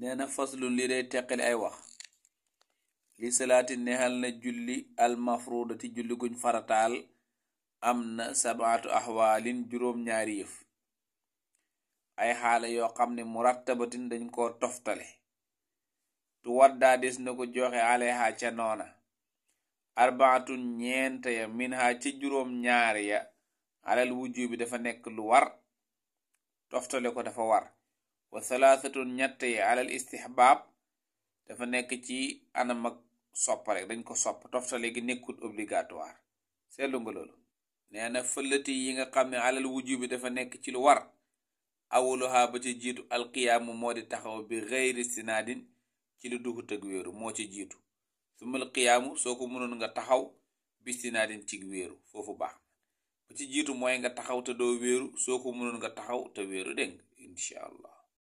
nee na faslun li day teqali ay wax li salaati neexal na julli almafrudati julli guñ farataal am na sabaatu axwaalin juróom-ñaari yëf ay xaala yoo xam ne murattabatin dañ koo toftale tu waddaa des na ko joxe aleha ñeent ya min ha ya alal wujju bi dafa nekk lu war toftale ko dafa war wa salaasatun ñett yi alal istihbaab dafa nekk ci anam ak sopp rek dañ ko sopp toftale gi nekkul obligatoire seetlu nga loolu nee na yi nga xam ne alal wujubi dafa nekk ci lu war awuluha ba ci jiitu alqiyaamu moo di taxaw bi xeyri sinaadin ci lu duhut ak wéeru moo ci jiitu sumal qiyaamu soo ko mënoon nga taxaw bi sinaadin ci wéeru foofu baax ba ci jiitu mooy nga taxaw te doo wéeru soo ko mënul nga taxaw te wéeru dégg incha allah